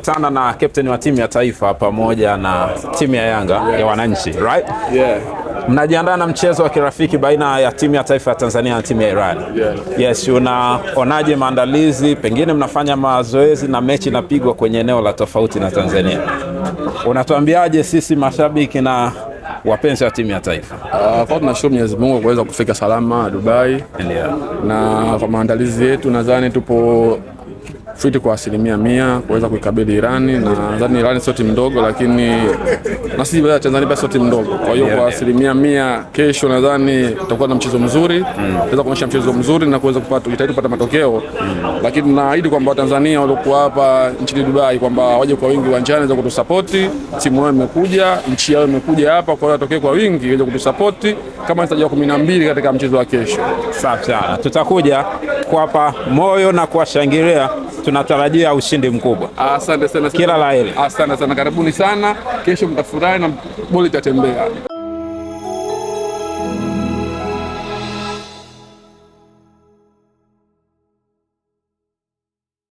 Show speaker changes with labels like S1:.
S1: kukutana na captain wa timu ya taifa pamoja na timu ya Yanga yes. ya wananchi right? yeah. Mnajiandaa na mchezo wa kirafiki baina ya timu ya taifa ya Tanzania na timu ya Iran yeah. Yes, unaonaje maandalizi? Pengine mnafanya mazoezi na mechi inapigwa kwenye eneo la tofauti na Tanzania, unatuambiaje sisi mashabiki na wapenzi wa timu ya taifa
S2: uh, kwa tunashukuru Mwenyezi Mungu kuweza kufika salama Dubai yeah. na kwa maandalizi yetu nadhani tupo fiti kwa asilimia mia kuweza kuikabili Irani, na nadhani Irani sio timu ndogo, lakini na sisi pia Tanzania sio timu ndogo. Kwa hiyo kwa asilimia mia kesho nadhani tutakuwa na mchezo mzuri, mm. tunaweza kuonyesha mchezo mzuri na kuweza kupata kujitahidi kupata matokeo, mm. lakini naahidi kwamba Watanzania waliokuwa hapa nchini Dubai kwamba waje kwa wingi uwanjani waweze kutusapoti. Timu yao imekuja, nchi yao imekuja hapa, kwa hiyo watokee kwa wingi waweze kutusapoti kama sajia kumi na mbili katika mchezo wa kesho.
S1: Safi sana, tutakuja kuwapa moyo na kuwashangilia tunatarajia ushindi mkubwa.
S2: Asante sana,
S1: kila la heri.
S2: Asante sana, karibuni sana, kesho mtafurahi na boli itatembea.